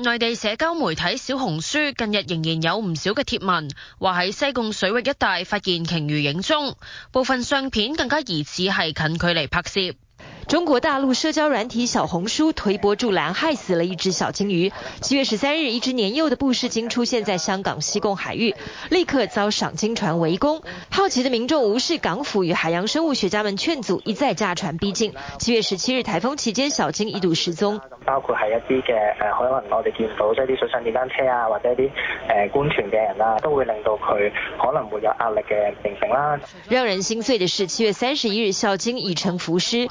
內地社交媒體小紅書近日仍然有唔少嘅貼文，話喺西貢水域一帶發現鯨魚影蹤，部分相片更加疑似係近距離拍攝。中國大陸社交軟體小紅書推波助瀾，害死了一隻小鯨魚。七月十三日，一隻年幼的布氏鯨出現在香港西貢海域，立刻遭賞鯨船圍攻。好奇的民眾無視港府與海洋生物學家們勸阻，一再駕船逼近。七月十七日，台風期間，小鯨一度失蹤。包括係一啲嘅誒，可能我哋見到即係啲水上電單車啊，或者一啲誒官船嘅人啦、啊，都會令到佢可能會有壓力嘅形成啦、啊。讓人心碎的是，七月三十一日，小鯨已成浮屍，